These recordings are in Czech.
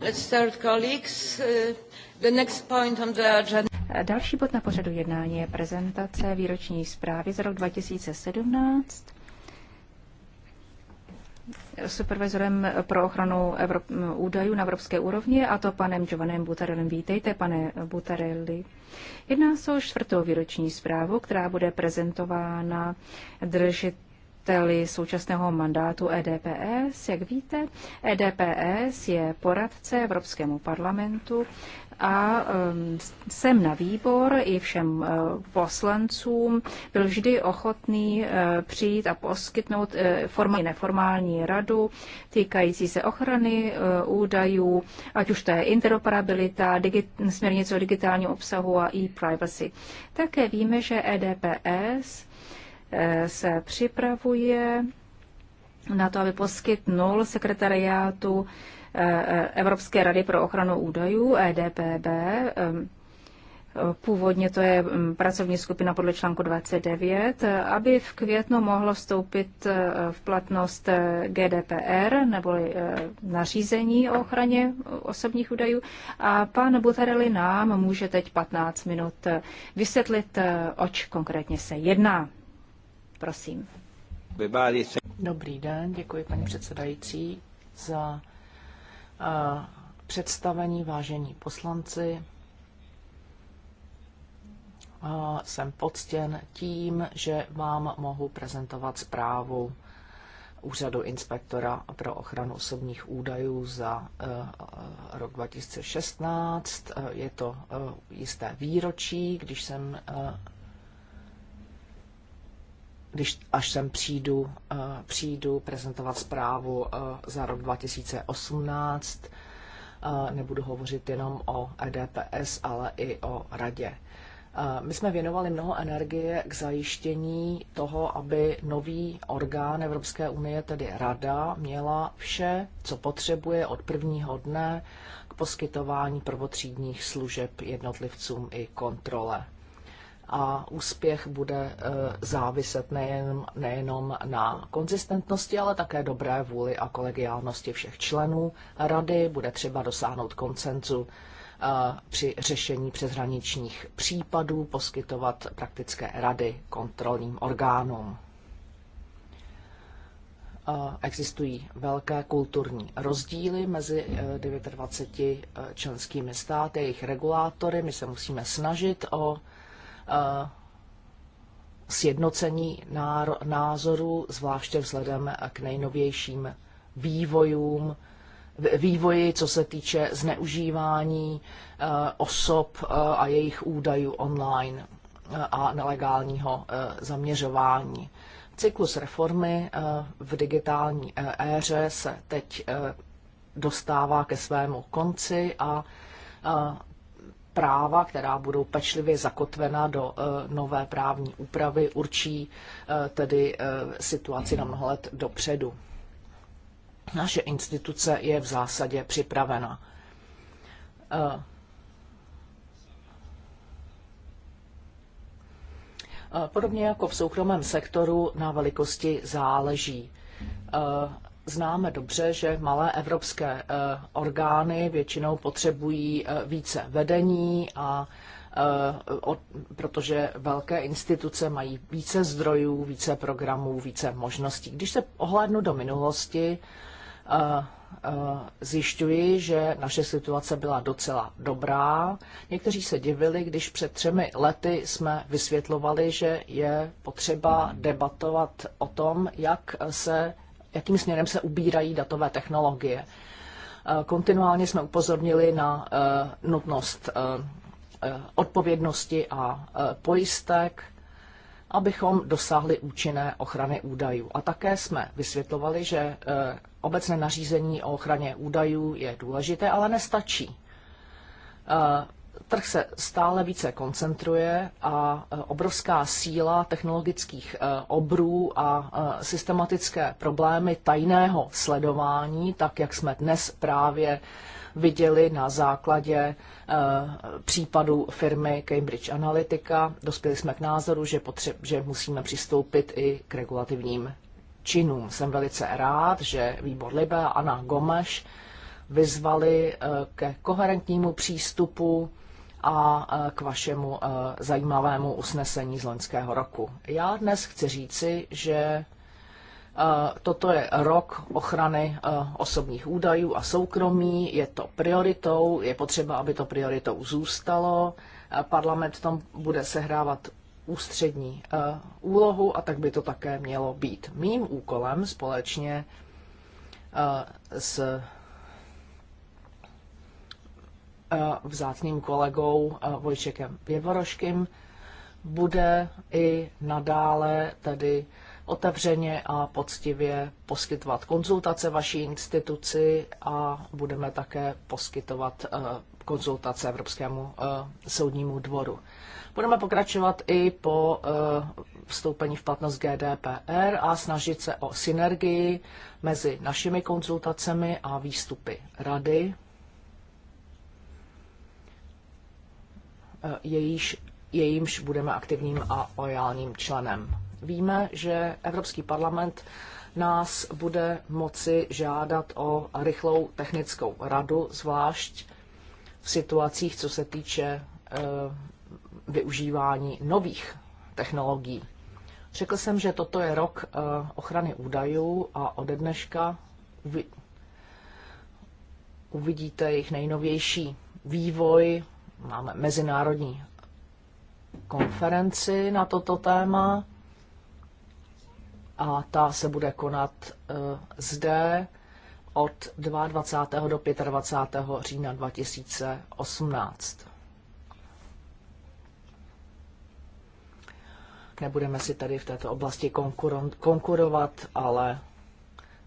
Let's start, colleagues. Uh, the next point on the agenda. Další bod na pořadu jednání je prezentace výroční zprávy za rok 2017. Supervizorem pro ochranu Evrop- údajů na evropské úrovni, a to panem Giovanem Butarelem. Vítejte, pane Butarelli. Jedná se o čtvrtou výroční zprávu, která bude prezentována držit představiteli současného mandátu EDPS. Jak víte, EDPS je poradce Evropskému parlamentu a um, jsem na výbor i všem uh, poslancům byl vždy ochotný uh, přijít a poskytnout uh, formální neformální radu týkající se ochrany údajů, ať už to je interoperabilita, směrnice o digitálním obsahu a e-privacy. Také víme, že EDPS Eh, se připravuje na to, aby poskytnul sekretariátu eh, Evropské rady pro ochranu údajů EDPB. Eh, původně to je mm, pracovní skupina podle článku 29, aby v květnu mohlo vstoupit v platnost GDPR nebo nařízení o ochraně osobních údajů. A pan Butarelli nám může teď 15 minut vysvětlit, oč konkrétně se jedná. Prosím. Dobrý den, děkuji paní předsedající za uh, představení, vážení poslanci. Uh, jsem poctěn tím, že vám mohu prezentovat zprávu Úřadu inspektora pro ochranu osobních údajů za uh, rok 2016. Je to jisté výročí, když jsem když až sem přijdu, eh, přijdu prezentovat zprávu eh, za rok 2018. Eh, nebudu hovořit jenom o EDPS, ale i o radě. My jsme věnovali mnoho energie k zajištění toho, aby nový orgán Evropské unie, tedy Rada, měla vše, co potřebuje od prvního dne k poskytování prvotřídních služeb jednotlivcům i kontrole a úspěch bude eh, záviset nejen, nejenom na konzistentnosti, ale také dobré vůli a kolegiálnosti všech členů rady. Bude třeba dosáhnout koncenzu eh, při řešení přeshraničních případů, poskytovat praktické rady kontrolním orgánům. Eh, existují velké kulturní rozdíly mezi 29 členskými státy, jejich regulátory. My se musíme snažit o Eh, sjednocení názorů, zvláště vzhledem k nejnovějším vývojům, vývoji, co se týče zneužívání eh, osob eh, a jejich údajů online a nelegálního zaměřování. Cyklus reformy v digitální éře se teď dostává ke svému konci a práva, která budou pečlivě zakotvena do eh, nové právní úpravy, určí eh, tedy eh, situaci na mnoho let dopředu. Naše instituce je v zásadě připravena. Podobně jako v soukromém sektoru na velikosti záleží známe dobře, že malé evropské eh, orgány většinou potřebují eh, více vedení a eh, protože velké instituce mají více zdrojů, více programů, více možností. Když se ohlédnu do minulosti, zjišťuji, že naše situace byla docela dobrá. Někteří se divili, když před třemi lety jsme vysvětlovali, že je potřeba debatovat o tom, jak se jakým směrem se ubírají datové technologie. Eh, kontinuálně jsme upozornili na eh, nutnost eh, odpovědnosti a pojistek, abychom dosáhli účinné ochrany údajů. A také jsme vysvětlovali, že obecné nařízení o ochraně údajů je důležité, ale nestačí. Trh se stále více koncentruje a e, obrovská síla technologických e, obrů a e, systematické problémy tajného sledování, tak jak jsme dnes právě viděli na základě případu firmy Cambridge Analytica. Dospěli jsme k názoru, že, potře- že musíme přistoupit i k regulativním činům. Jsem velice rád, že výbor Libe a Anna Gomeš vyzvali ke koherentnímu přístupu a e, k vašemu e, zajímavému usnesení z loňského roku. Já dnes chci říci, že e, Toto je rok ochrany osobních údajů a soukromí, je to prioritou, je potřeba, aby to prioritou zůstalo. Parlament tam bude sehrávat ústřední úlohu a tak by to také mělo být. Mým úkolem společně s Eh, vzácným kolegou eh, Vojčekem Pěvoroškem bude i nadále tedy otevřeně a poctivě poskytovat konzultace vaší instituci a budeme také poskytovat eh, konzultace Evropskému soudnímu dvoru. Budeme pokračovat i po vstoupení v platnost GDPR a snažit se o synergii mezi našimi konzultacemi a výstupy rady Eh, jejíž, jejímž budeme aktivním a lojálním členem. Víme, že Evropský parlament nás bude moci žádat o rychlou technickou radu, zvlášť v situacích, co se týče eh, využívání nových technologií. Řekl jsem, že toto je rok eh, ochrany údajů a ode dneška uvidíte jejich nejnovější vývoj Máme mezinárodní konferenci na toto téma a ta se bude konat eh, zde od 22. do 25. října 2018. Nebudeme si tady v této oblasti konkurovat, ale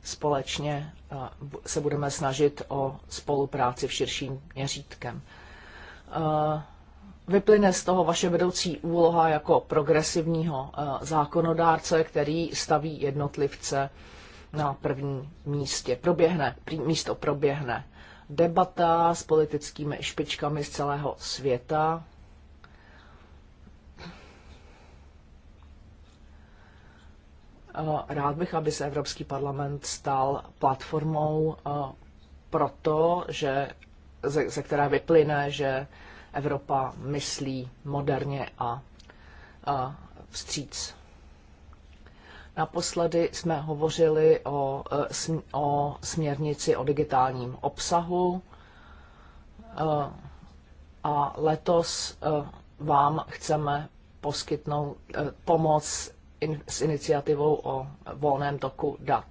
společně eh, se budeme snažit o spolupráci v širším měřítkem. Eh, vyplyne z toho vaše vedoucí úloha jako progresivního eh, zákonodárce, který staví jednotlivce na prvním místě. Proběhne, místo proběhne debata s politickými špičkami z celého světa. Eh, rád bych, aby se Evropský parlament stal platformou proto, že ze, ze které vyplyne, že Evropa myslí moderně a, a vstříc. Naposledy jsme hovořili o, e, o směrnici o digitálním obsahu e, a letos e, vám chceme poskytnout pomoc s iniciativou o volném toku dat.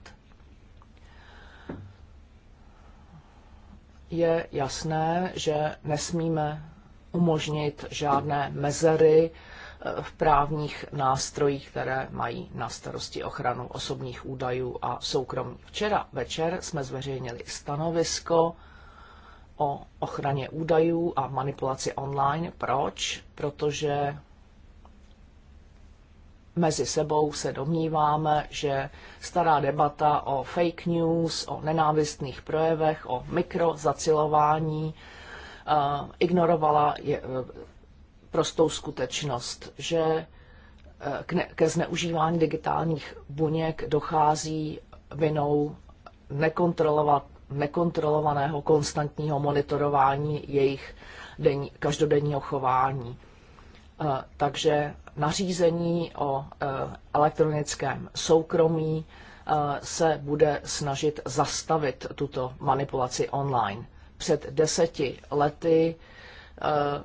je jasné, že nesmíme umožnit žádné mezery eh, v právních nástrojích, které mají na starosti ochranu osobních údajů a soukromí. Včera večer jsme zveřejnili stanovisko o ochraně údajů a manipulaci online. Proč? Protože mezi sebou se domníváme, že stará debata o fake news, o nenávistných projevech, o mikrozacilování eh, ignorovala eh, prostou skutečnost, že eh, ke zneužívání digitálních buněk dochází vinou nekontrolovaného konstantního monitorování jejich denní, každodenního chování. Eh, takže nařízení o eh, elektronickém soukromí eh, se bude snažit zastavit tuto manipulaci online. Před deseti lety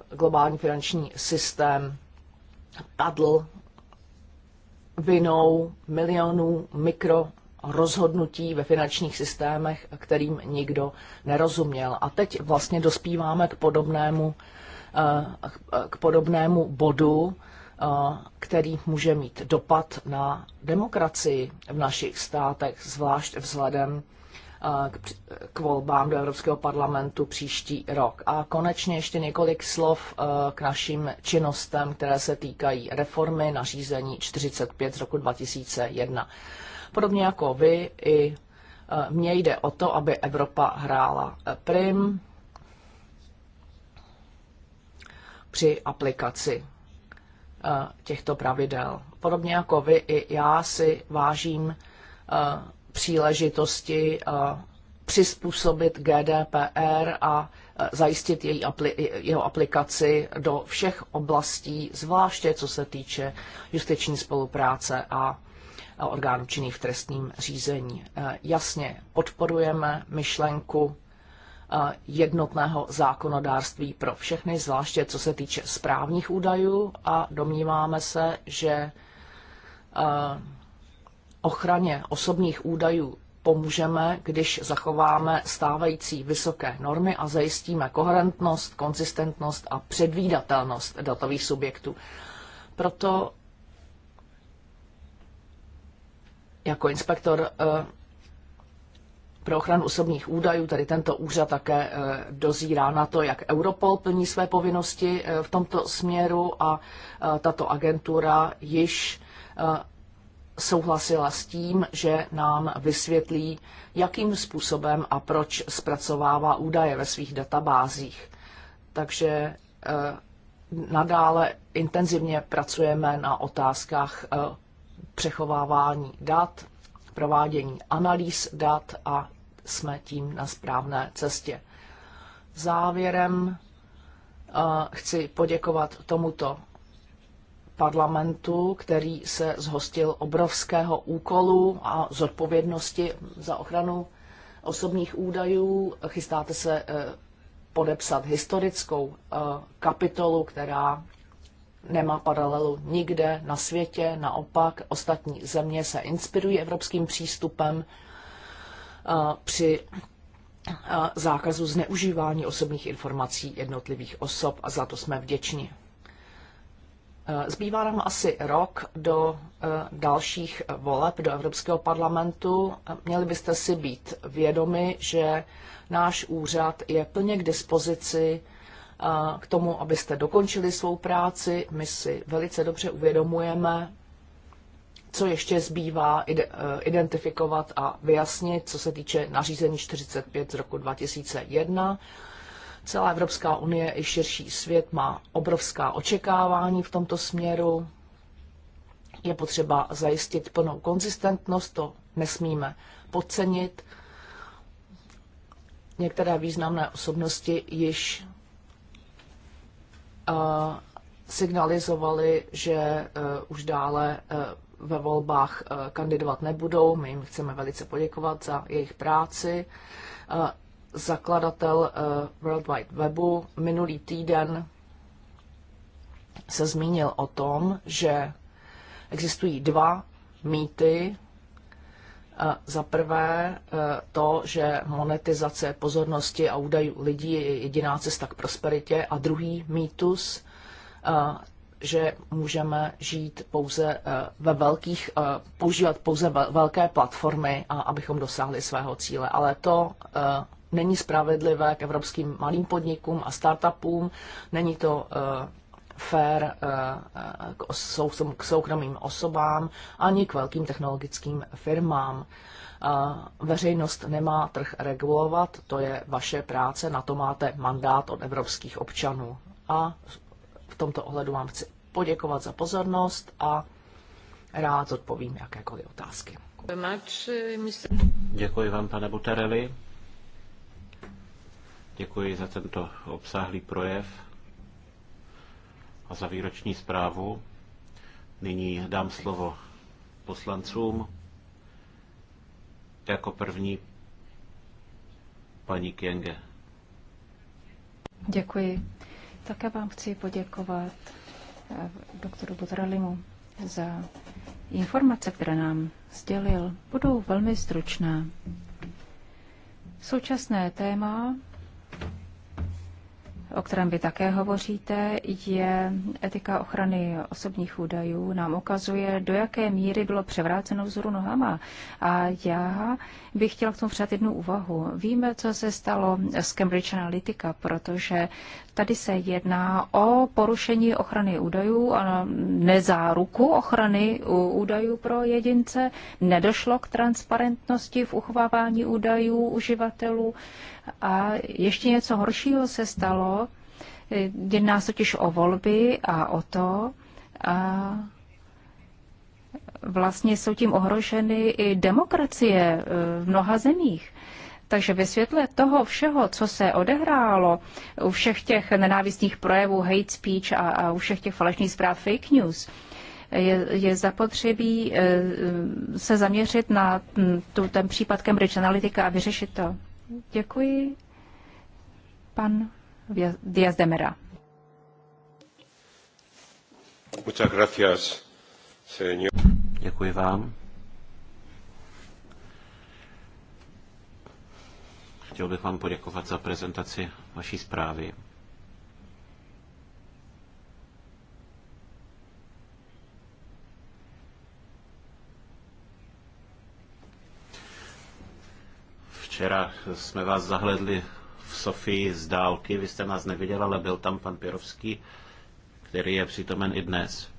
globální finanční systém padl vinou milionů mikro rozhodnutí ve finančních systémech, kterým nikdo nerozuměl. A teď vlastně dospíváme k podobnému Eh, k podobnému bodu, eh, který může mít dopad na demokracii v našich státech, zvlášť vzhledem eh, k volbám do Evropského parlamentu příští rok. A konečně ještě několik slov k našim činnostem, které se týkají reformy nařízení 45 z roku 2001. Podobně jako vy, i mně jde o to, aby Evropa hrála prim, při aplikaci eh, těchto pravidel. Podobně jako vy, i já si vážím eh, příležitosti eh, přizpůsobit GDPR a zajistit její apli- jeho aplikaci do všech oblastí, zvláště co se týče justiční spolupráce a orgánů činných v trestním řízení. Jasně podporujeme myšlenku jednotného zákonodárství pro všechny, zvláště co se týče správních údajů a domníváme se, že ochraně osobních údajů pomůžeme, když zachováme stávající vysoké normy a zajistíme koherentnost, konzistentnost a předvídatelnost datových subjektů. Proto jako inspektor pro ochranu osobních údajů, tedy tento úřad také eh, dozírá na to, jak Europol plní své povinnosti eh, v tomto směru a eh, tato agentura již souhlasila s tím, že nám vysvětlí, jakým způsobem a proč zpracovává údaje ve svých databázích. Takže nadále intenzivně pracujeme na otázkách přechovávání dat, provádění analýz dat a jsme tím na správné cestě. Závěrem eh, chci poděkovat tomuto parlamentu, který se zhostil obrovského úkolu a zodpovědnosti za ochranu osobních údajů. Chystáte se eh, podepsat historickou eh, kapitolu, která nemá paralelu nikde na světě. Naopak ostatní země se inspirují evropským přístupem při zákazu zneužívání osobních informací jednotlivých osob a za to jsme vděční. E, zbývá nám asi rok do e, dalších voleb do Evropského parlamentu. Měli byste si být vědomi, že náš úřad je plně k dispozici e, k tomu, abyste dokončili svou práci. My si velice dobře uvědomujeme co ještě zbývá eh, identifikovat a vyjasnit, co se týče nařízení 45 z roku 2001. Celá Evropská unie i širší svět má obrovská očekávání v tomto směru. Je potřeba zajistit plnou konzistentnost, to nesmíme podcenit. Některé významné osobnosti již eh, signalizovali, že eh, už dále ve volbách eh, kandidovat nebudou. My jim chceme velice poděkovat za jejich práci. Eh, zakladatel eh, World Wide Webu minulý týden se zmínil o tom, že existují dva mýty. Za prvé to, že monetizace pozornosti a údajů lidí je jediná cesta k prosperitě a druhý mýtus že můžeme žít pouze eh, ve velkých, eh, používat pouze velké platformy, a abychom dosáhli svého cíle. Ale to eh, není spravedlivé k evropským malým podnikům a startupům, není to fair k soukromým osobám ani k velkým technologickým firmám. Veřejnost nemá trh regulovat, to je vaše práce, na to máte mandát od evropských občanů. A v tomto ohledu vám chci poděkovat za pozornost a rád odpovím jakékoliv otázky. Děkuji vám, pane Buterevi. Děkuji za tento obsáhlý projev a za výroční zprávu. Nyní dám slovo poslancům. Jako první paní Kienge. Děkuji. Také vám chci poděkovat Eh, doktoru Butralimu za informace, které nám sdělil, budou velmi stručné. Současné téma o kterém vy také hovoříte, je etika ochrany osobních údajů. Nám ukazuje, do jaké míry bylo převráceno vzoru nohama. A já bych chtěla k tomu přidat jednu úvahu. Víme, co se stalo s Cambridge Analytica, protože tady se jedná o porušení ochrany údajů a nezáruku ochrany údajů pro jedince. Nedošlo k transparentnosti v uchovávání údajů uživatelů. A ještě něco horšího se stalo. Jedná se totiž o volby a o to, a vlastně jsou tím ohroženy i demokracie e, v mnoha zemích. Takže ve světle toho všeho, co se odehrálo u všech těch nenávistných projevů, hate speech a, a u všech těch falešných zpráv fake news, je, je zapotřebí e, e, se zaměřit na tu, ten případ Cambridge Analytica a vyřešit to. Děkuji. Pan Díaz de Mera. Děkuji vám. Chtěl bych vám poděkovat za prezentaci vaší zprávy. Včera jsme vás zahledli v Sofii z dálky, vy jste nás neviděl, ale byl tam pan Pirovský, který je přítomen i dnes.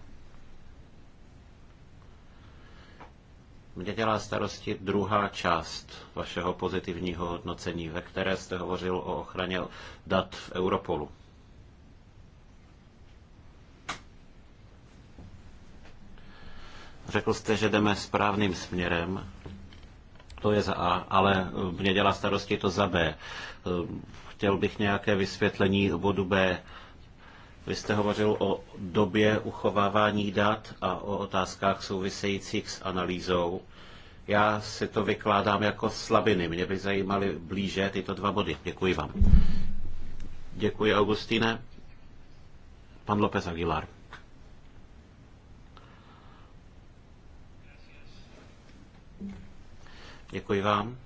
Mě dělá starosti druhá část vašeho pozitivního hodnocení, ve které jste hovořil o ochraně dat v Europolu. Řekl jste, že jdeme správným směrem, to je za A, ale eh, mě dělá starosti to za B. Eh, chtěl bych nějaké vysvětlení bodu B. Vy jste hovořil o době uchovávání dat a o otázkách souvisejících s analýzou. Já si to vykládám jako slabiny. Mě by zajímaly blíže tyto dva body. Děkuji vám. Děkuji, Augustine. Pan López Aguilar. Děkuji vám.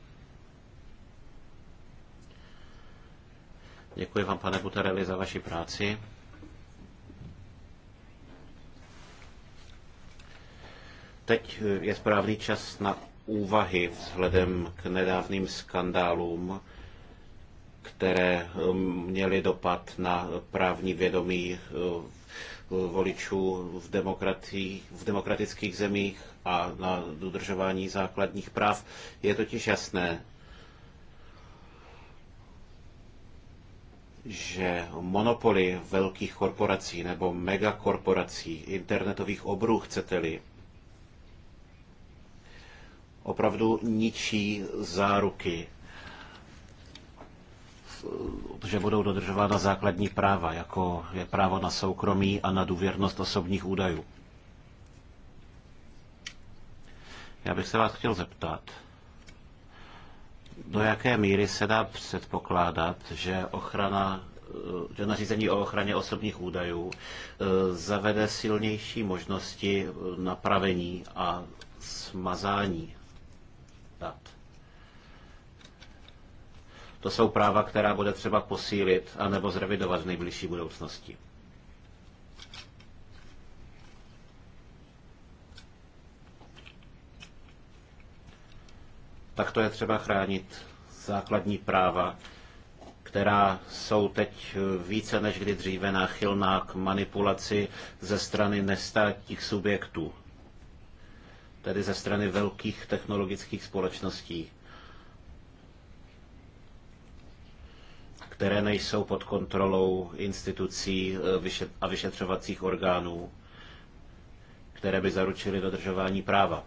Děkuji vám, pane Butareli, za vaši práci. Teď eh, je správný čas na úvahy vzhledem k nedávným skandálům, které eh, měly dopad na právní vědomí eh, Eh, voličů v, v demokratických zemích a na dodržování základních práv. Je totiž jasné, že monopoly velkých korporací nebo megakorporací, internetových obrů, chcete-li, opravdu ničí záruky že budou dodržována základní práva, jako je právo na soukromí a na důvěrnost osobních údajů. Já bych se vás chtěl zeptat, do jaké míry se dá předpokládat, že ochrana že nařízení o ochraně osobních údajů e, zavede silnější možnosti e, napravení a smazání dat. To jsou práva, která bude třeba posílit anebo zrevidovat v nejbližší budoucnosti. Tak to je třeba chránit základní práva, která jsou teď více než kdy dříve náchylná k manipulaci ze strany nestátních subjektů, tedy ze strany velkých technologických společností, které nejsou pod kontrolou institucí eh, a vyšetřovacích orgánů, které by zaručily dodržování práva.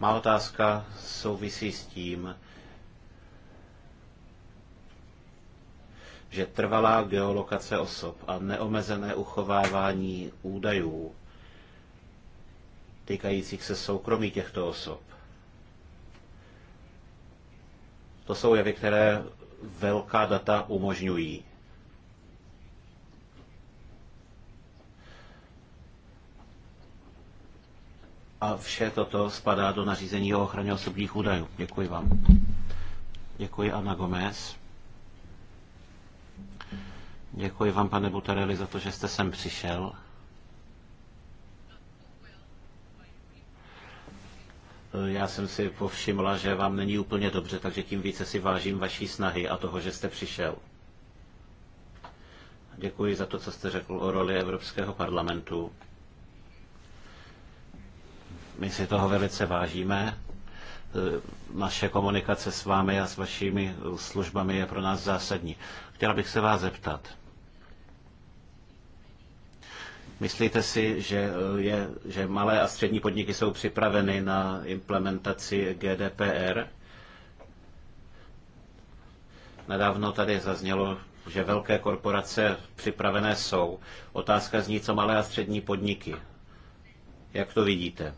Má otázka souvisí s tím, že trvalá geolokace osob a neomezené uchovávání údajů týkajících se soukromí těchto osob To jsou jevy, které velká data umožňují. A vše toto spadá do nařízení o ochraně osobních údajů. Děkuji vám. Děkuji Anna Gomez. Děkuji vám, pane Butareli, za to, že jste sem přišel. Já jsem si povšimla, že vám není úplně dobře, takže tím více si vážím vaší snahy a toho, že jste přišel. Děkuji za to, co jste řekl o roli Evropského parlamentu. My si toho velice vážíme. Naše komunikace s vámi a s vašimi službami je pro nás zásadní. Chtěla bych se vás zeptat. Myslíte si, že, eh, je, že malé a střední podniky jsou připraveny na implementaci GDPR? Nedávno tady zaznělo, že velké korporace připravené jsou. Otázka zní, co malé a střední podniky. Jak to vidíte?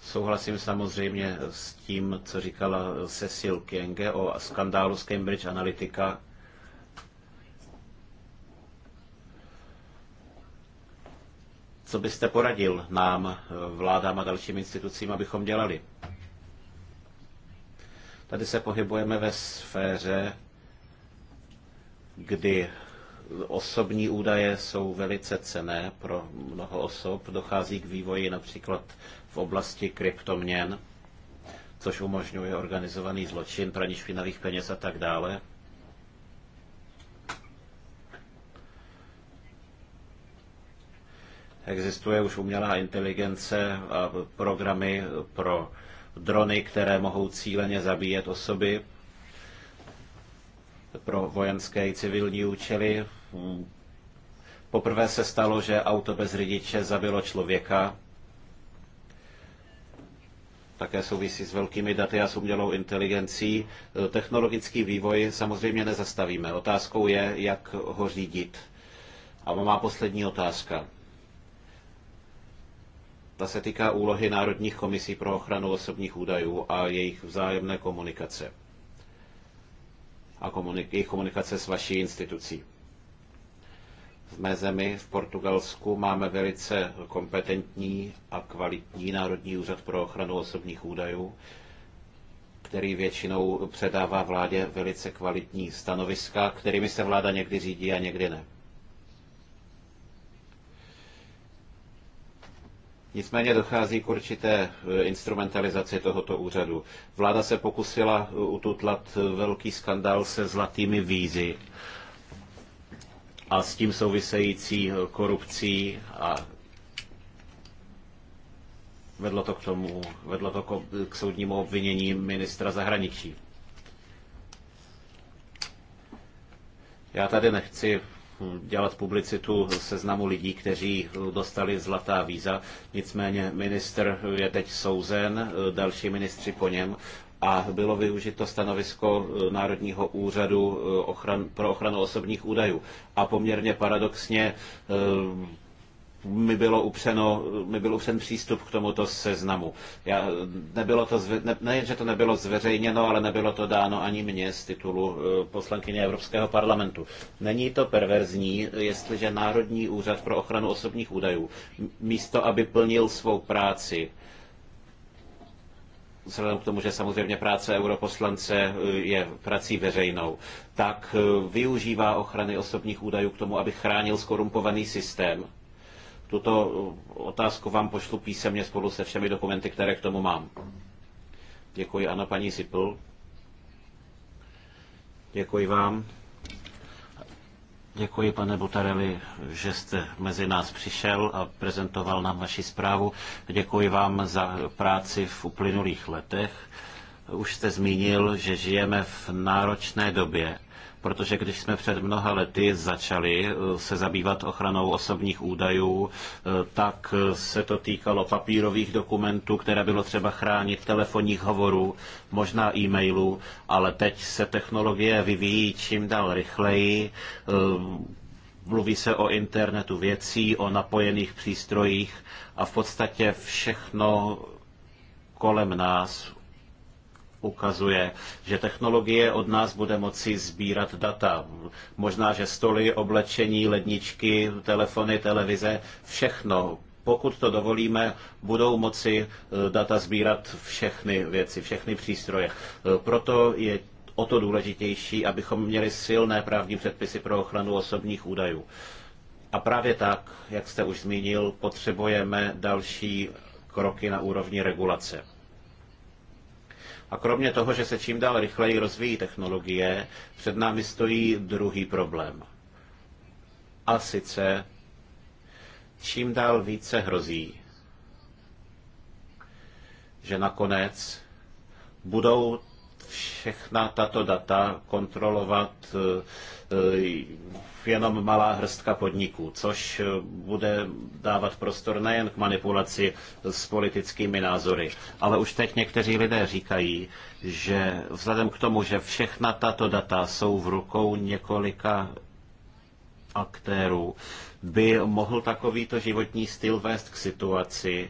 Souhlasím samozřejmě s tím, co říkala Cecil Kienge o skandálu z Cambridge Analytica Co byste poradil nám, eh, vládám a dalším institucím, abychom dělali? Tady se pohybujeme ve sféře, kdy osobní údaje jsou velice cené pro mnoho osob. Dochází k vývoji například v oblasti kryptoměn, což umožňuje organizovaný zločin, praní špinavých peněz a tak dále. Existuje už umělá inteligence a programy pro drony, které mohou cíleně zabíjet osoby pro vojenské i civilní účely. Poprvé se stalo, že auto bez řidiče zabilo člověka. Také souvisí s velkými daty a s umělou inteligencí. Technologický vývoj samozřejmě nezastavíme. Otázkou je, jak ho řídit. A má poslední otázka. Ta se týká úlohy Národních komisí pro ochranu osobních údajů a jejich vzájemné komunikace a komunik- jejich komunikace s vaší institucí. V mé zemi, v Portugalsku, máme velice kompetentní a kvalitní Národní úřad pro ochranu osobních údajů, který většinou předává vládě velice kvalitní stanoviska, kterými se vláda někdy řídí a někdy ne. Nicméně dochází k určité e, instrumentalizaci tohoto úřadu. Vláda se pokusila e, ututlat velký skandál se zlatými vízy a s tím související e, korupcí a vedlo to k tomu, vedlo to k soudnímu obvinění ministra zahraničí. Já tady nechci dělat publicitu seznamu lidí, kteří dostali zlatá víza. Nicméně minister je teď souzen, další ministři po něm a bylo využito stanovisko Národního úřadu eh, ochran, pro ochranu osobních údajů. A poměrně paradoxně eh, mi, bylo upřeno, mi byl upřen přístup k tomuto seznamu. Já, nebylo to zve, ne, ne, že to nebylo zveřejněno, ale nebylo to dáno ani mně z titulu eh, poslankyně Evropského parlamentu. Není to perverzní, jestliže Národní úřad pro ochranu osobních údajů místo, aby plnil svou práci, vzhledem k tomu, že samozřejmě práce europoslance eh, je prací veřejnou, tak eh, využívá ochrany osobních údajů k tomu, aby chránil skorumpovaný systém tuto otázku vám pošlu písemně spolu se všemi dokumenty, které k tomu mám. Děkuji, Ana, paní Sipl. Děkuji vám. Děkuji, pane Butareli, že jste mezi nás přišel a prezentoval nám vaši zprávu. Děkuji vám za práci v uplynulých letech. Už jste zmínil, že žijeme v náročné době protože když jsme před mnoha lety začali eh, se zabývat ochranou osobních údajů, eh, tak eh, se to týkalo papírových dokumentů, které bylo třeba chránit, telefonních hovorů, možná e-mailů, ale teď se technologie vyvíjí čím dál rychleji. Mluví se o internetu věcí, o napojených přístrojích a v podstatě všechno kolem nás ukazuje, že technologie od nás bude moci sbírat data. Možná, že stoly, oblečení, ledničky, telefony, televize, všechno pokud to dovolíme, budou moci eh, data sbírat všechny věci, všechny přístroje. Eh, proto je o to důležitější, abychom měli silné právní předpisy pro ochranu osobních údajů. A právě tak, jak jste už zmínil, potřebujeme další kroky na úrovni regulace. A kromě toho, že se čím dál rychleji rozvíjí technologie, před námi stojí druhý problém. A sice čím dál více hrozí, že nakonec budou všechna tato data kontrolovat eh, eh, jenom malá hrstka podniků, což eh, bude dávat prostor nejen k manipulaci s politickými názory, ale už teď někteří lidé říkají, že vzhledem k tomu, že všechna tato data jsou v rukou několika aktérů, by mohl takovýto životní styl vést k situaci,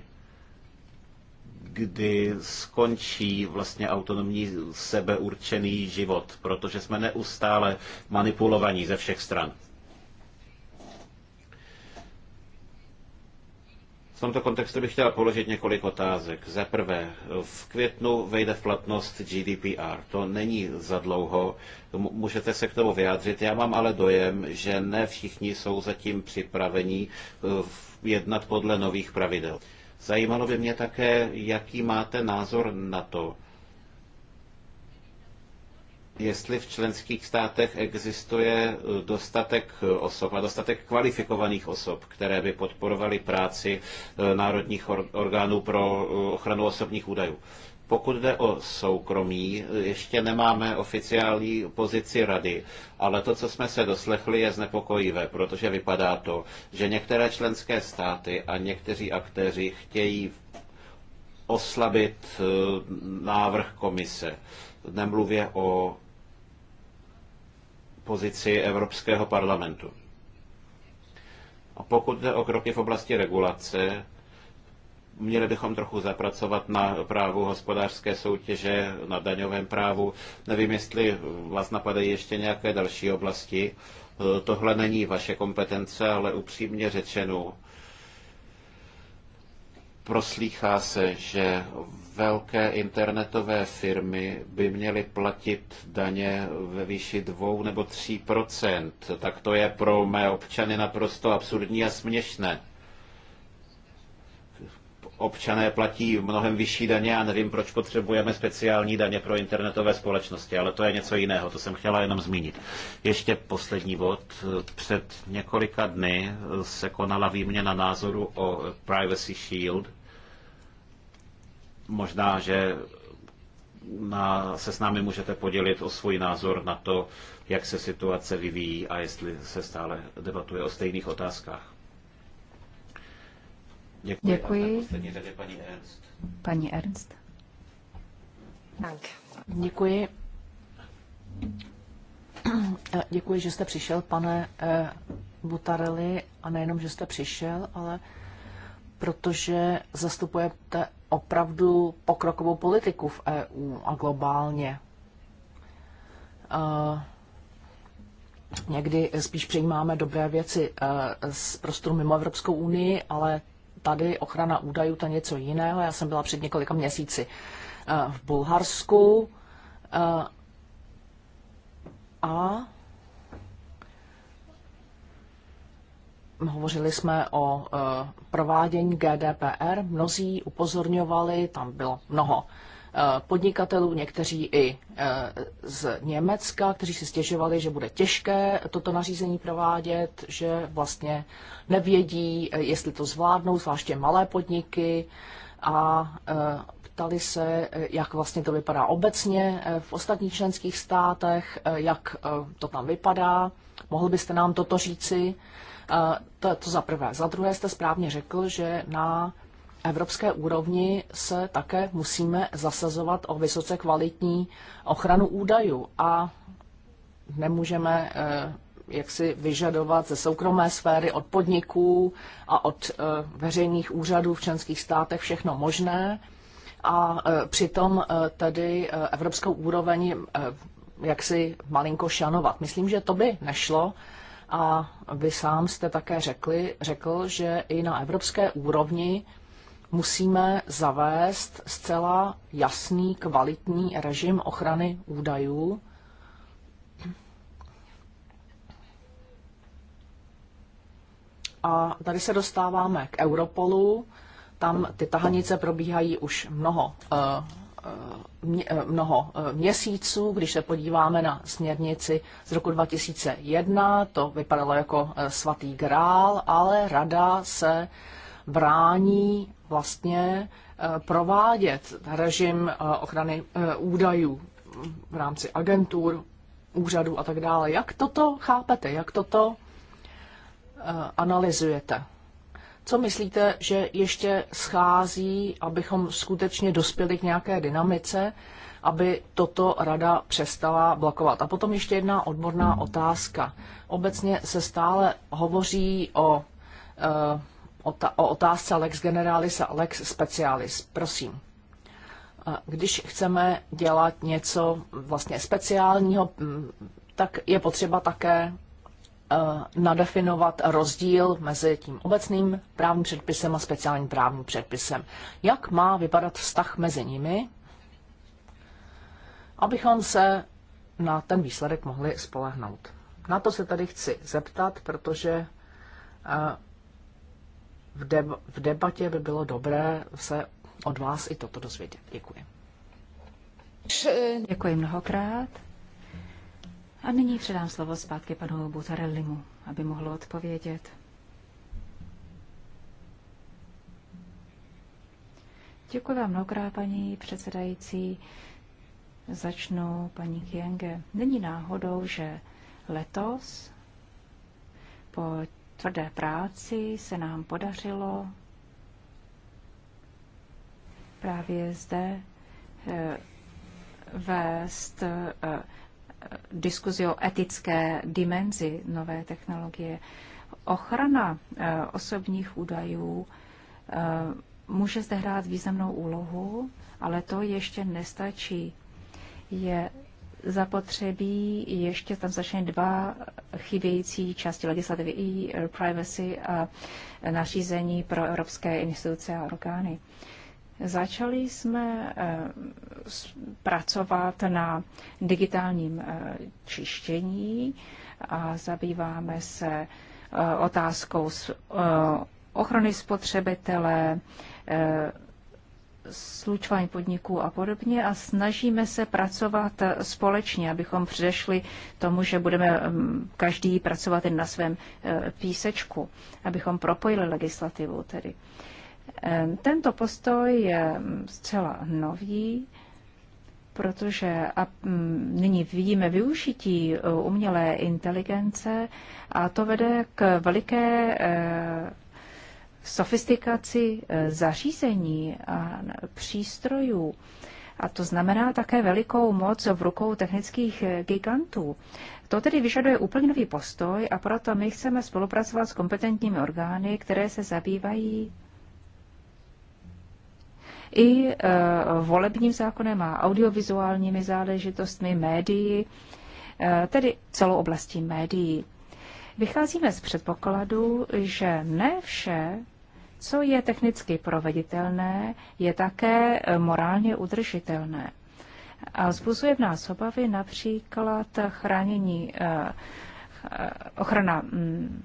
kdy skončí vlastně autonomní sebeurčený život, protože jsme neustále manipulovaní ze všech stran. V tomto kontextu bych chtěla položit několik otázek. Za prvé, v květnu vejde v platnost GDPR. To není za dlouho. Můžete se k tomu vyjádřit. Já mám ale dojem, že ne všichni jsou zatím připraveni eh, jednat podle nových pravidel. Zajímalo by mě také, jaký máte názor na to, jestli v členských státech existuje eh, dostatek eh, osob a dostatek kvalifikovaných osob, které by podporovaly práci eh, národních orgánů pro ochranu osobních údajů. Pokud jde o soukromí, ještě nemáme oficiální pozici rady, ale to, co jsme se doslechli, je znepokojivé, protože vypadá to, že některé členské státy a někteří aktéři chtějí oslabit eh, návrh komise. Nemluvě o pozici Evropského parlamentu. A pokud jde o kroky v oblasti regulace, Měli bychom trochu zapracovat na právu hospodářské soutěže, na daňovém právu. Nevím, jestli vás napadají ještě nějaké další oblasti. Tohle není vaše kompetence, ale upřímně řečeno, proslýchá se, že velké internetové firmy by měly platit daně ve výši 2 nebo 3 tak to je pro mé občany naprosto absurdní a směšné občané platí mnohem vyšší daně a nevím, proč potřebujeme speciální daně pro internetové společnosti, ale to je něco jiného, to jsem chtěla jenom zmínit. Ještě poslední bod. Před několika dny se konala výměna názoru o Privacy Shield. Možná, že na, se s námi můžete podělit o svůj názor na to, jak se situace vyvíjí a jestli se stále debatuje o stejných otázkách. Děkuji. Děkuji. paní Ernst. Paní Ernst. Tak. Děkuji. Eh, děkuji, že jste přišel, pane eh, Butarelli, a nejenom, že jste přišel, ale protože zastupujete opravdu pokrokovou politiku v EU a globálně. Eh, někdy spíš přijímáme dobré věci z prostoru mimo Evropskou unii, ale tady ochrana údajů, to něco jiného. Já jsem byla před několika měsíci eh, v Bulharsku eh, a hovořili jsme o eh, provádění GDPR. Mnozí upozorňovali, tam bylo mnoho Eh, podnikatelů, někteří i eh, z Německa, kteří si stěžovali, že bude těžké toto nařízení provádět, že vlastně nevědí, eh, jestli to zvládnou, zvláště malé podniky a ptali se, jak vlastně to vypadá obecně v ostatních členských státech, jak to tam vypadá. Mohl byste nám toto říci? To, to za prvé. Za druhé jste správně řekl, že na evropské úrovni se také musíme zasazovat o vysoce kvalitní ochranu údajů a nemůžeme eh, jak si vyžadovat ze soukromé sféry od podniků a od eh, veřejných úřadů v členských státech všechno možné a eh, přitom tedy evropskou úroveň jak si malinko šanovat. Myslím, že to by nešlo a vy sám jste také řekli, řekl, že i na evropské úrovni musíme zavést zcela jasný, kvalitní režim ochrany údajů. A tady se dostáváme k Europolu. Tam ty tahanice probíhají už mnoho, eh, eh, eh, mnoho měsíců. Když se podíváme na směrnici z roku 2001, to vypadalo jako svatý grál, ale rada se brání vlastně eh, provádět režim eh, ochrany eh, údajů v rámci agentur, úřadů a tak dále. Jak toto chápete? Jak toto analyzujete? Co myslíte, že ještě schází, abychom skutečně dospěli k nějaké dynamice, aby toto rada přestala blokovat? A potom ještě jedna odborná otázka. Obecně se stále hovoří o o otázce lex generalis a lex specialis. Prosím. Když chceme dělat něco vlastně speciálního, mm, tak je potřeba také e, nadefinovat rozdíl mezi tím obecným právním předpisem a speciálním právním předpisem. Jak má vypadat vztah mezi nimi, abychom se na ten výsledek mohli spolehnout. Na to se tady chci zeptat, protože e, v, deb- v debatě by bylo dobré se od vás i toto dozvědět. Děkuji. Děkuji mnohokrát. A nyní předám slovo zpátky panu Butarellimu, aby mohl odpovědět. Děkuji vám mnohokrát, paní předsedající. Začnu paní Kienge. Není náhodou, že letos po tvrdé práci se nám podařilo právě zde eh, vést eh, diskuzi o etické dimenzi nové technologie. Ochrana eh, osobních údajů může zde hrát významnou úlohu, ale to ještě nestačí. Je zapotřebí ještě tam začne dva chybějící části legislativy i privacy a nařízení pro evropské instituce a orgány. Začali jsme eh, pracovat na digitálním eh, čištění a zabýváme se eh, otázkou ochrany spotřebitele, slučování podniků a podobně a snažíme se pracovat společně, abychom předešli tomu, že budeme mm, každý pracovat jen na svém e, písečku, abychom propojili legislativu tedy. E, tento postoj je mm, zcela nový, protože a mm, nyní vidíme využití e, umělé inteligence a to vede k veliké sofistikaci eh, zařízení a přístrojů. A to znamená také velikou moc v rukou technických eh, gigantů. To tedy vyžaduje úplně nový postoj a proto my chceme spolupracovat s kompetentními orgány, které se zabývají i e, volebním zákonem a audiovizuálními záležitostmi, médií, e, tedy celou oblastí médií. Vycházíme z předpokladu, že ne vše co je technicky proveditelné, je také eh, morálně udržitelné. A způsobuje v nás obavy například chránění, eh, eh, ochrana mm,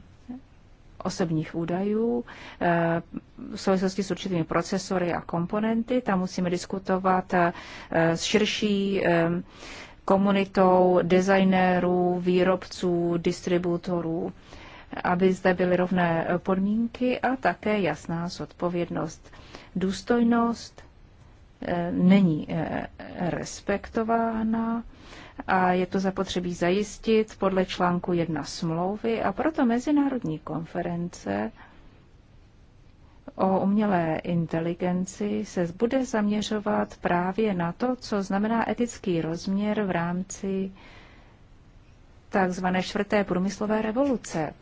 osobních údajů v souvislosti s určitými procesory a komponenty. Tam musíme diskutovat s širší komunitou designérů, výrobců, distributorů aby zde byly rovné podmínky a také jasná zodpovědnost. Důstojnost eh, není eh, respektována a je to zapotřebí zajistit podle článku 1 smlouvy a proto Mezinárodní konference o umělé inteligenci se bude zaměřovat právě na to, co znamená etický rozměr v rámci takzvané čtvrté průmyslové revoluce.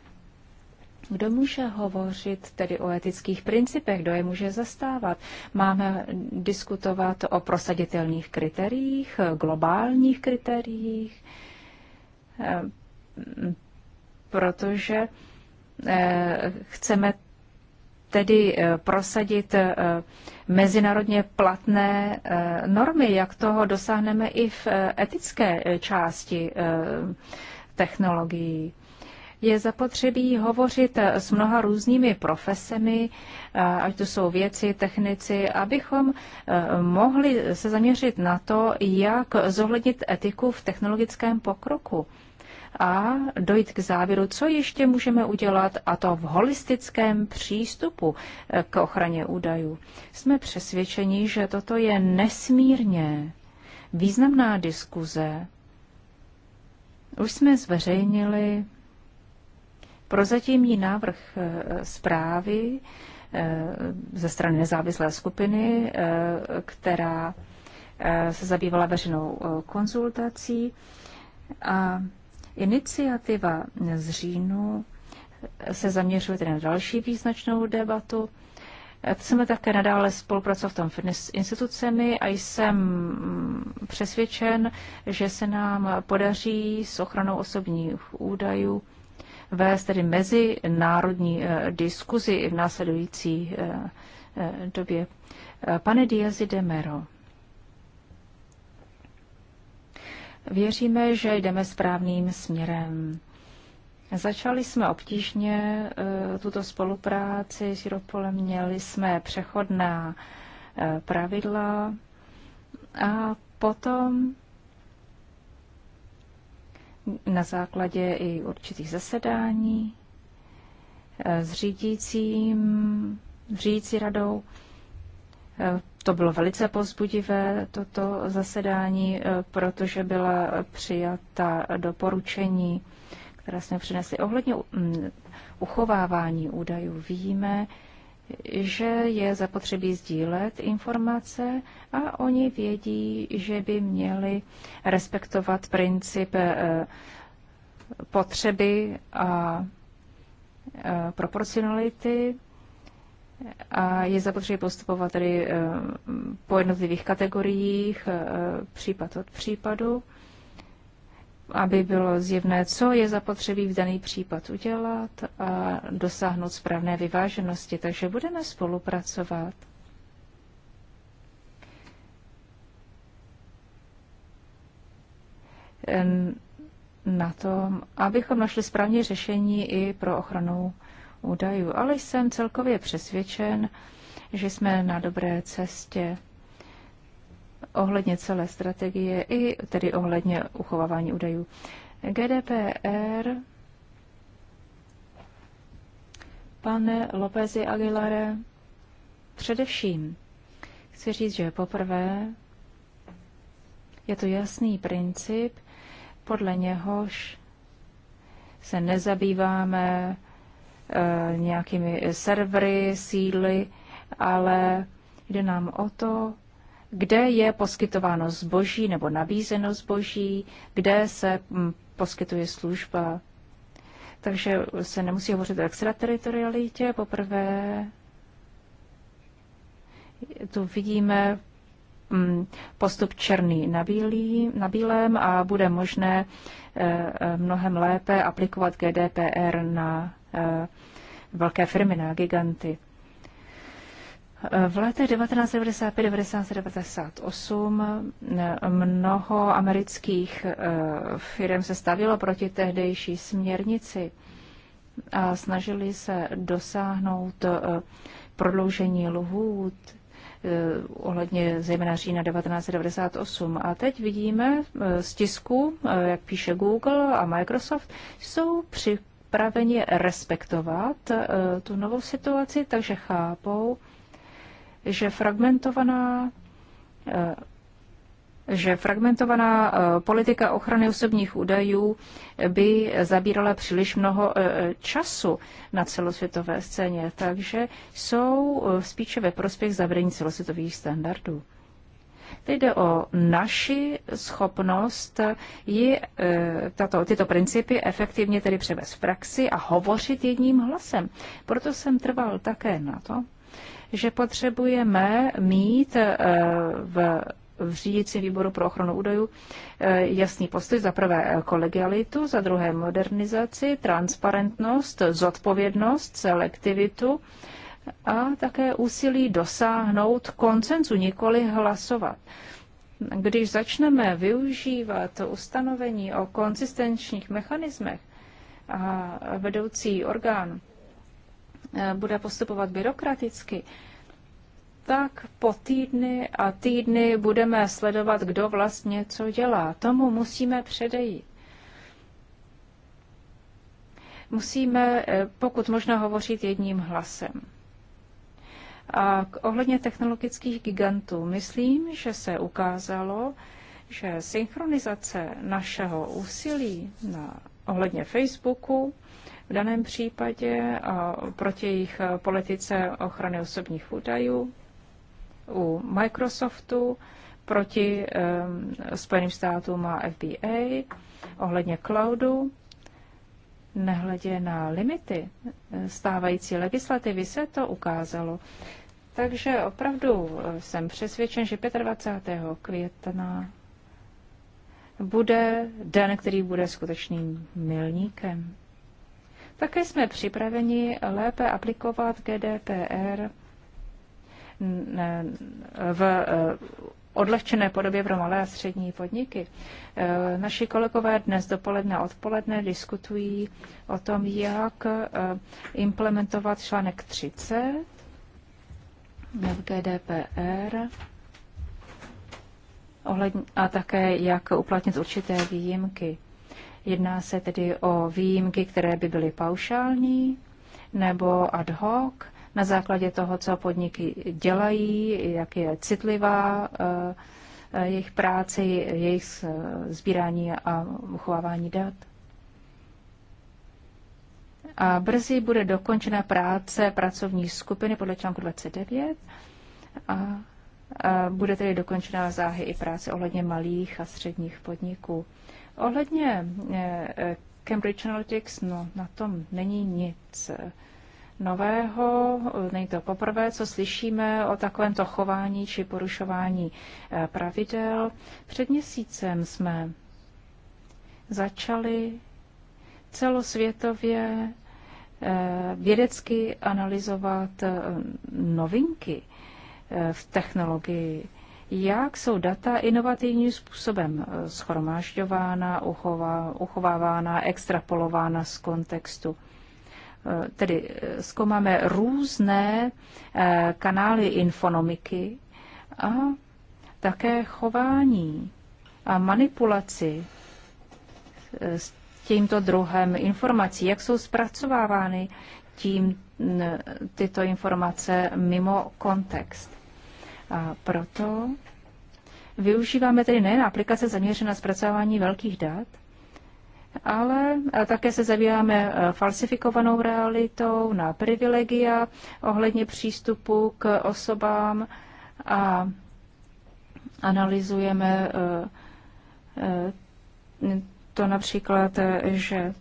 Kdo může hovořit tedy o etických principech, kdo je může zastávat? Máme diskutovat o prosaditelných kritériích, globálních kritériích, eh, protože eh, chceme tedy eh, prosadit mezinárodně platné normy, jak toho dosáhneme i v etické části technologií je zapotřebí hovořit s mnoha různými profesemi, ať to jsou věci, technici, abychom e, mohli se zaměřit na to, jak zohlednit etiku v technologickém pokroku a dojít k závěru, co ještě můžeme udělat, a to v holistickém přístupu e, k ochraně údajů. Jsme přesvědčeni, že toto je nesmírně významná diskuze. Už jsme zveřejnili Prozatímní návrh eh, zprávy eh, ze strany nezávislé skupiny, eh, která se zabývala veřejnou konzultací a iniciativa z říjnu se zaměřuje na další význačnou debatu. Chceme také nadále spolupracovat tam s institucemi a jsem mm, přesvědčen, že se nám podaří s ochranou osobních údajů vést tedy mezi národní eh, diskuzi i v následující eh, eh, době. Pane Diazi de Mero, věříme, že jdeme správným směrem. Začali jsme obtížně tuto spolupráci s Europolem, měli jsme přechodná pravidla a potom na základě i určitých zasedání eh, s řídícím, řídící radou. Eh, to bylo velice pozbudivé, toto zasedání, eh, protože byla přijata doporučení, která jsme přinesli ohledně mm, uchovávání údajů. Víme, že je zapotřebí sdílet informace a oni vědí, že by měli respektovat princip eh, potřeby a eh, proporcionality a je zapotřebí postupovat tedy eh, po jednotlivých kategoriích, případ od případu aby bylo zjevné, co je zapotřebí v daný případ udělat a dosáhnout správné vyváženosti. Takže budeme spolupracovat. na tom, abychom našli správně řešení i pro ochranu údajů. Ale jsem celkově přesvědčen, že jsme na dobré cestě ohledně celé strategie i tedy ohledně uchovávání údajů. GDPR, pane Lopezi Aguilare, především chci říct, že poprvé je to jasný princip, podle něhož se nezabýváme e, nějakými servery, síly, ale jde nám o to, kde je poskytováno zboží nebo nabízeno zboží, kde se mm, poskytuje služba. Takže se nemusí hovořit o extrateritorialitě. Poprvé tu vidíme mm, postup černý na, bílý, na bílém a bude možné eh, eh, mnohem lépe aplikovat GDPR na eh, velké firmy, na giganty. V letech 1995-1998 eh, mnoho amerických eh, firm se stavilo proti tehdejší směrnici a snažili se dosáhnout eh, prodloužení lhůt ohledně zejména října 1998. A teď vidíme z tisku, jak píše Google a Microsoft, jsou připraveni respektovat tu novou situaci, takže chápou, že fragmentovaná eh, že fragmentovaná eh, politika ochrany osobních údajů by zabírala příliš mnoho eh, času na celosvětové scéně, takže jsou spíše ve prospěch zavedení celosvětových standardů. Teď jde o naši schopnost ji, tato, tyto principy efektivně tedy převést v praxi a hovořit jedním hlasem. Proto jsem trval také na to, že potřebujeme mít eh, v v řídícím výboru pro ochranu údajů eh, jasný postoj za prvé eh, kolegialitu, za druhé modernizaci, transparentnost, zodpovědnost, selektivitu a také úsilí dosáhnout koncenzu, nikoli hlasovat. Když začneme využívat ustanovení o konsistenčních mechanismech a vedoucí orgán Eh, bude postupovat byrokraticky, tak po týdny a týdny budeme sledovat, kdo vlastně co dělá. Tomu musíme předejít. Musíme eh, pokud možno hovořit jedním hlasem. A ohledně technologických gigantů, myslím, že se ukázalo, že synchronizace našeho úsilí na, ohledně Facebooku v daném případě a proti jejich eh, politice ochrany osobních údajů u Microsoftu, proti eh, Spojeným státům a FBA ohledně cloudu. Nehledě na limity eh, stávající legislativy se to ukázalo. Takže opravdu jsem přesvědčen, že 25. května bude den, který bude skutečným milníkem. Také jsme připraveni lépe aplikovat GDPR v eh, odlehčené podobě pro malé a střední podniky. Eh, naši kolegové dnes dopoledne a odpoledne diskutují o tom, jak eh, implementovat článek 30 v GDPR a také jak uplatnit určité výjimky. Jedná se tedy o výjimky, které by byly paušální nebo ad hoc na základě toho, co podniky dělají, jak je citlivá eh, eh, jejich práce, jejich eh, sbírání a uchovávání dat. A brzy bude dokončena práce pracovní skupiny podle článku 29 a bude tedy dokončena záhy i práce ohledně malých a středních podniků. Ohledně eh, eh, Cambridge Analytics, no na tom není nic eh, nového, není to poprvé, co slyšíme o takovémto chování či porušování pravidel. Před měsícem jsme začali celosvětově vědecky analyzovat novinky v technologii jak jsou data inovativním způsobem eh, schromážďována, uchovávána, extrapolována z kontextu. Eh, tedy eh, zkoumáme různé kanály infonomiky a také chování a manipulaci s tímto druhem informací, jak jsou zpracovávány tím tyto informace mimo kontext. A proto využíváme tedy nejen aplikace zaměřené na zpracování velkých dat, ale eh, také se zabýváme eh, falsifikovanou realitou na privilegia ohledně přístupu k osobám a analyzujeme eh, to například, že,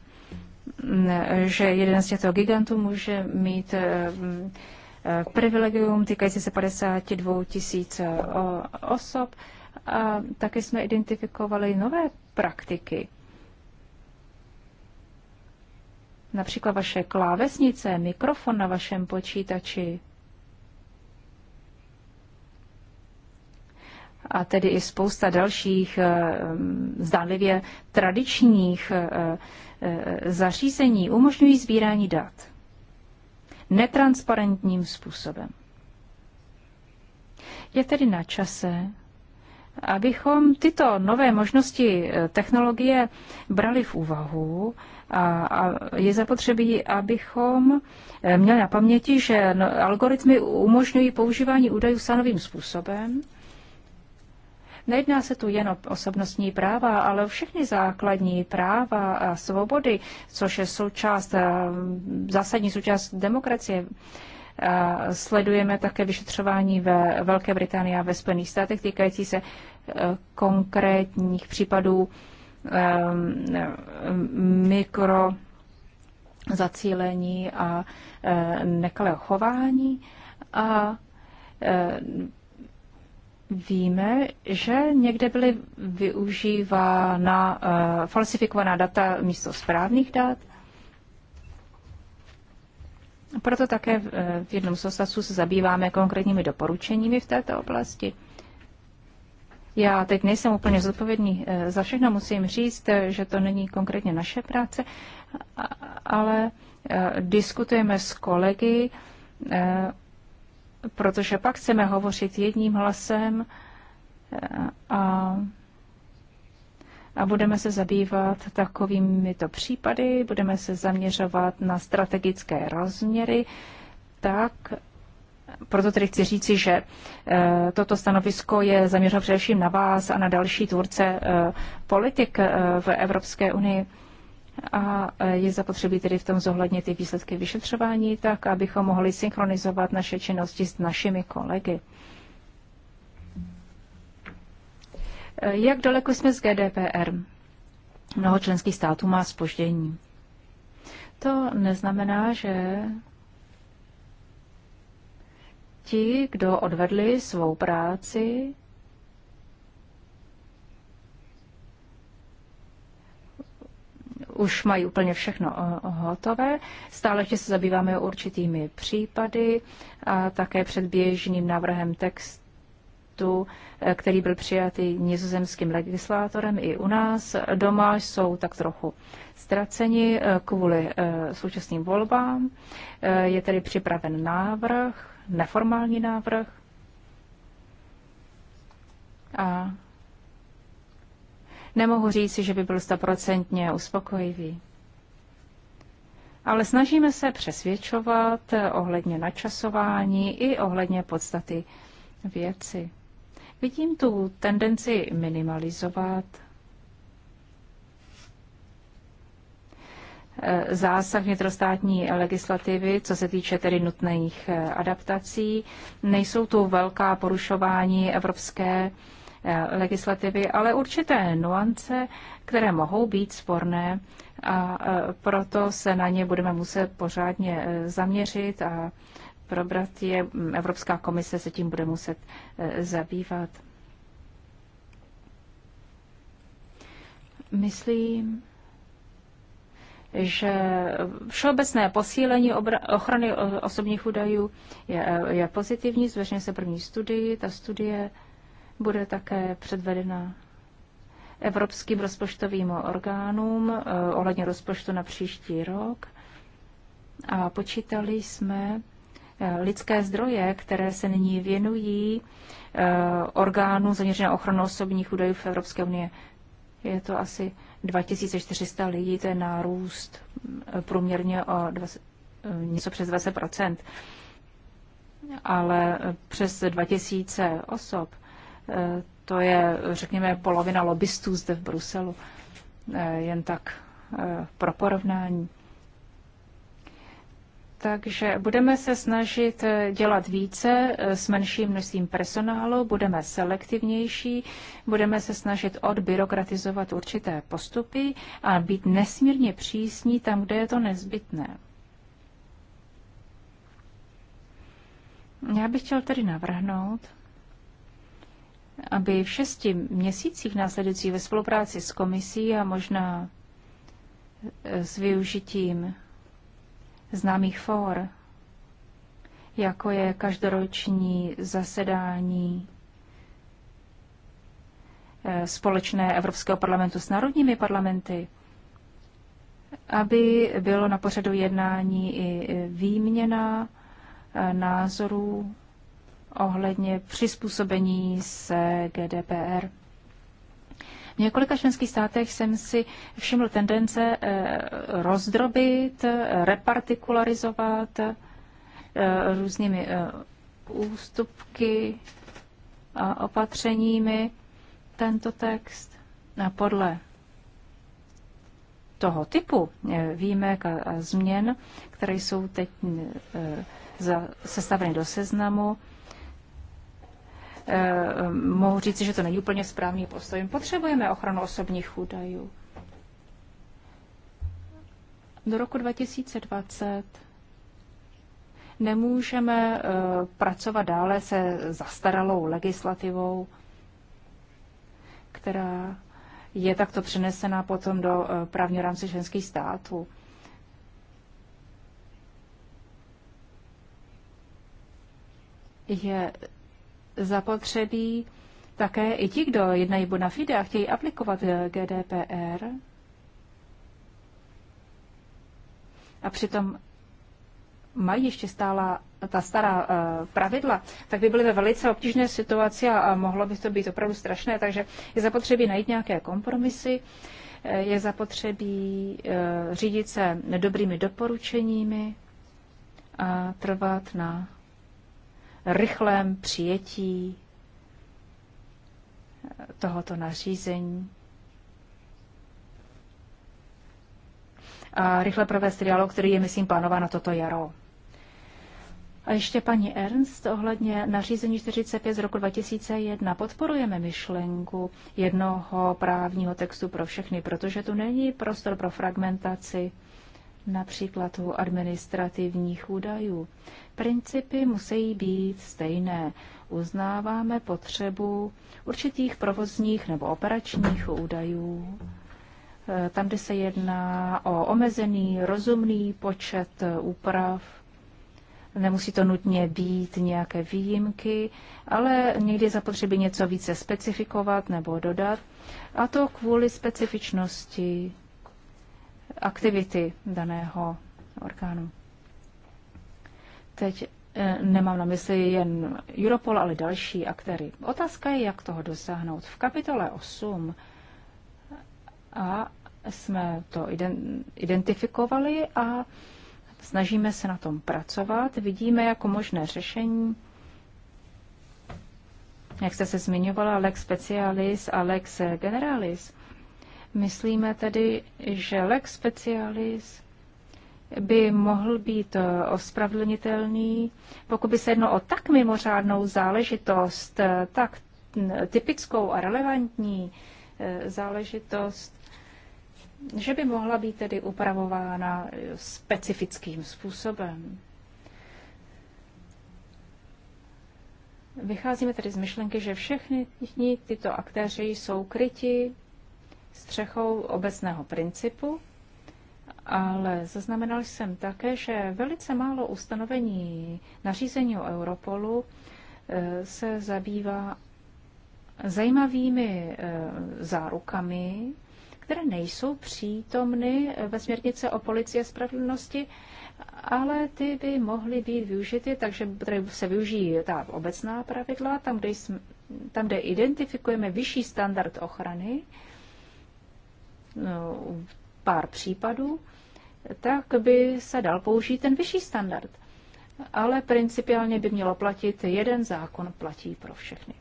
mm, že jeden z těchto gigantů může mít Eh, privilegium týkající se 52 tisíc eh, osob. A taky jsme identifikovali nové praktiky. Například vaše klávesnice, mikrofon na vašem počítači, a tedy i spousta dalších eh, mm, zdánlivě tradičních zařízení umožňují sbírání dat netransparentním způsobem. Je tedy na čase, abychom tyto nové možnosti eh, technologie brali v úvahu a, a je zapotřebí, abychom eh, měli na paměti, že no, algoritmy umožňují používání údajů stanovým způsobem Nejedná se tu jen o osobnostní práva, ale o všechny základní práva a svobody, což je součást, eh, zásadní součást demokracie. A sledujeme také vyšetřování ve Velké Británii a ve Spojených státech týkající se eh, konkrétních případů eh, mikro zacílení a nekalého chování. A Víme, že někde byly využívána uh, falsifikovaná data místo správných dat. Proto také v, eh, v jednom z ostatců se zabýváme konkrétními doporučeními v této oblasti. Já teď nejsem úplně zodpovědný eh, za všechno, musím říct, že to není konkrétně naše práce, ale diskutujeme s kolegy protože pak chceme hovořit jedním hlasem eh, a, a budeme se zabývat takovými to případy, budeme se zaměřovat na strategické rozměry, tak proto tedy chci říci, že e, toto stanovisko je zaměřeno především na vás a na další tvůrce e, politik e, v Evropské unii. E, a e, je zapotřebí tedy v tom zohlednit ty výsledky vyšetřování tak, abychom mohli synchronizovat naše činnosti s našimi kolegy. E, jak daleko jsme z GDPR? Mnoho členských států má spoždění. To neznamená, že ti, kdo odvedli svou práci, už mají úplně všechno eh, hotové. Stále ještě se zabýváme určitými případy a také předběžným návrhem textu, eh, který byl přijatý nizozemským legislátorem i u nás. Doma jsou tak trochu ztraceni eh, kvůli současným volbám. Je tedy připraven návrh, neformální návrh. A Nemohu říci, že by byl stoprocentně uspokojivý. Ale snažíme se přesvědčovat ohledně načasování i ohledně podstaty věci. Vidím tu tendenci minimalizovat zásah vnitrostátní legislativy, co se týče tedy nutných adaptací. Nejsou tu velká porušování evropské Eh, legislativy, ale určité nuance, které mohou být sporné a eh, proto se na ně budeme muset pořádně eh, zaměřit a probrat je. Mm, Evropská komise se tím bude muset zabývat. Myslím, že všeobecné posílení ochrany osobních údajů je, je pozitivní. Zveřejně se první studii. Ta studie bude také předvedena evropským rozpočtovým orgánům eh, ohledně rozpočtu na příští rok. A počítali jsme eh, lidské zdroje, které se nyní věnují eh, orgánu zaměřené ochranu osobních údajů v Evropské unii. Je to asi 2400 lidí, to je nárůst průměrně o 20, něco přes 20 ale přes 2000 osob to je, řekněme, polovina lobbystů zde v Bruselu. Eh, jen tak eh, pro porovnání. Takže budeme se snažit eh, dělat více s menším množstvím personálu, budeme selektivnější, budeme se snažit odbyrokratizovat určité postupy a být nesmírně přísní tam, kde je to nezbytné. Já bych chtěl tedy navrhnout, aby v šesti měsících následujících ve spolupráci s komisí a možná e, s využitím známých for, jako je každoroční zasedání e, společné Evropského parlamentu s národními parlamenty, aby bylo na pořadu jednání i e, výměna názorů ohledně přizpůsobení se GDPR. V několika členských státech jsem si všiml tendence eh, rozdrobit, repartikularizovat eh, různými eh, ústupky a opatřeními tento text. A podle toho typu výjimek a, změn, které jsou teď sestaveny do seznamu, Eh, mohu říct, že to není úplně správný postoj. Potřebujeme ochranu osobních údajů. Do roku 2020 nemůžeme eh, pracovat dále se zastaralou legislativou, která je takto přenesena potom do eh, právního rámce ženských států. Je zapotřebí také i ti, kdo jednají bona fide a chtějí aplikovat eh, GDPR a přitom mají ještě stála ta stará eh, pravidla, tak by byly ve velice obtížné situaci a mohlo by to být opravdu strašné. Takže je zapotřebí najít nějaké kompromisy, eh, je zapotřebí řídit se dobrými doporučeními a trvat na rychlém přijetí tohoto nařízení. A rychle provést dialog, který je, myslím, plánován na toto jaro. A ještě paní Ernst ohledně nařízení 45 z roku 2001. Podporujeme myšlenku jednoho právního textu pro všechny, protože tu není prostor pro fragmentaci například u administrativních údajů. Principy musí být stejné. Uznáváme potřebu určitých provozních nebo operačních údajů, eh, tam, kde se jedná o omezený, rozumný počet úprav. Nemusí to nutně být nějaké výjimky, ale někdy je zapotřebí něco více specifikovat nebo dodat, a to kvůli specifičnosti aktivity daného orgánu. Teď eh, nemám na mysli jen Europol, ale další aktéry. Otázka je, jak toho dosáhnout. V kapitole 8 a jsme to identifikovali a snažíme se na tom pracovat. Vidíme jako možné řešení, jak jste se zmiňovala, lex specialis a lex generalis. Myslíme tedy, že lex specialis by mohl být eh, ospravedlnitelný, pokud by se jednalo o tak mimořádnou záležitost, eh, tak typickou a relevantní eh, záležitost, že by mohla být tedy upravována specifickým způsobem. Vycházíme tedy z myšlenky, že všechny tyto aktéři jsou kryti střechou obecného principu, ale zaznamenal jsem také, že velice málo ustanovení nařízení o Europolu eh, se zabývá zajímavými eh, zárukami, které nejsou přítomny ve směrnice o policie spravedlnosti, ale ty by mohly být využity, takže se využijí ta obecná pravidla, tam, kde, jsme, tam, kde identifikujeme vyšší standard ochrany, pár případů, tak by se dal použít ten vyšší standard. Ale principiálně by mělo platit jeden zákon, platí pro všechny.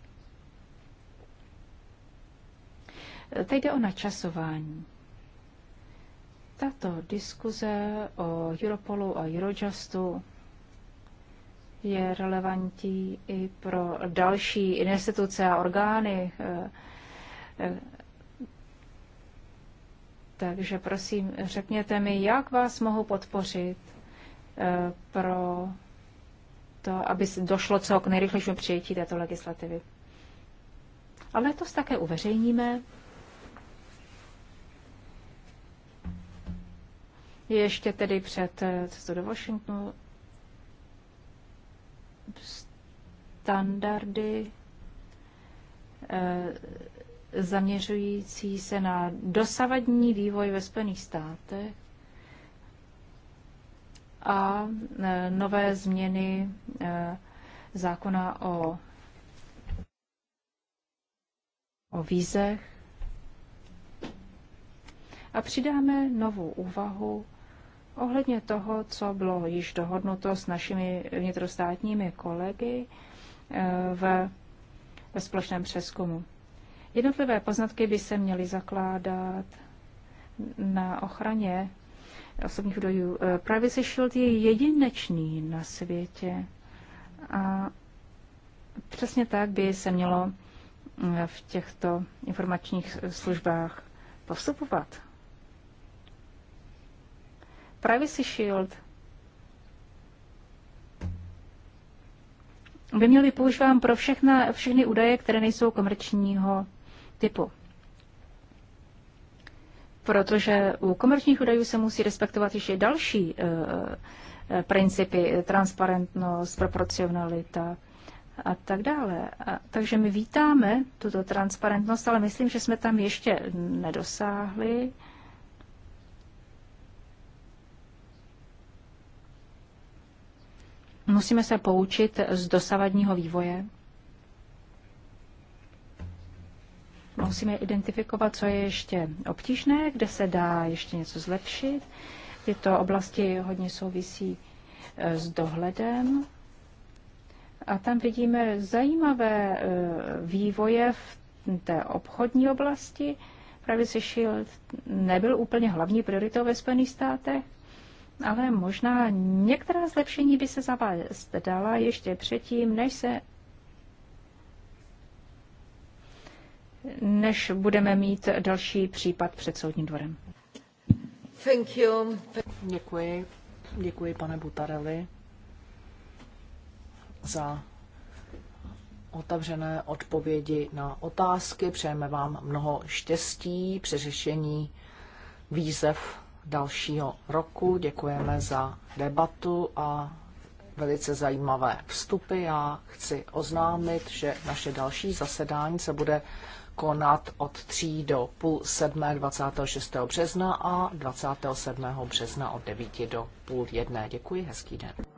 Teď jde o načasování. Tato diskuze o Europolu a Eurojustu je relevantní i pro další instituce a orgány, eh, takže prosím, řekněte mi, jak vás mohu podpořit eh, pro to, aby došlo co k nejrychlejšímu přijetí této legislativy. A letos také uveřejníme ještě tedy před eh, cestou do Washingtonu standardy eh, zaměřující se na dosavadní vývoj ve Spojených státech a e, nové změny e, zákona o, o vízech. A přidáme novou úvahu ohledně toho, co bylo již dohodnuto s našimi vnitrostátními kolegy e, v, ve společném přeskumu. Jednotlivé poznatky by se měly zakládat na ochraně osobních údajů. Eh, Privacy Shield je jedinečný na světě a přesně tak by se mělo eh, v těchto informačních službách postupovat. Privacy Shield by měly používat pro všechna, všechny údaje, které nejsou komerčního typu. Protože u komerčních údajů se musí respektovat ještě další eh, eh, principy, transparentnost, proporcionalita a tak dále. A, takže my vítáme tuto transparentnost, ale myslím, že jsme tam ještě nedosáhli. Musíme se poučit z dosavadního vývoje Musíme identifikovat, co je ještě obtížné, kde se dá ještě něco zlepšit. Tyto oblasti hodně souvisí eh, s dohledem. A tam vidíme zajímavé eh, vývoje v té obchodní oblasti. Privacy Shield nebyl úplně hlavní prioritou ve Spojených státech, ale možná některá zlepšení by se zavést dala ještě předtím, než se než budeme mít další případ před soudním dvorem. Thank you. Děkuji. Děkuji, pane Butarelli, za otevřené odpovědi na otázky. Přejeme vám mnoho štěstí při řešení výzev dalšího roku. Děkujeme za debatu a velice zajímavé vstupy. Já chci oznámit, že naše další zasedání se bude konat od 3 do půl 7. 26. března a 27. března od 9 do půl jedné. Děkuji, hezký den.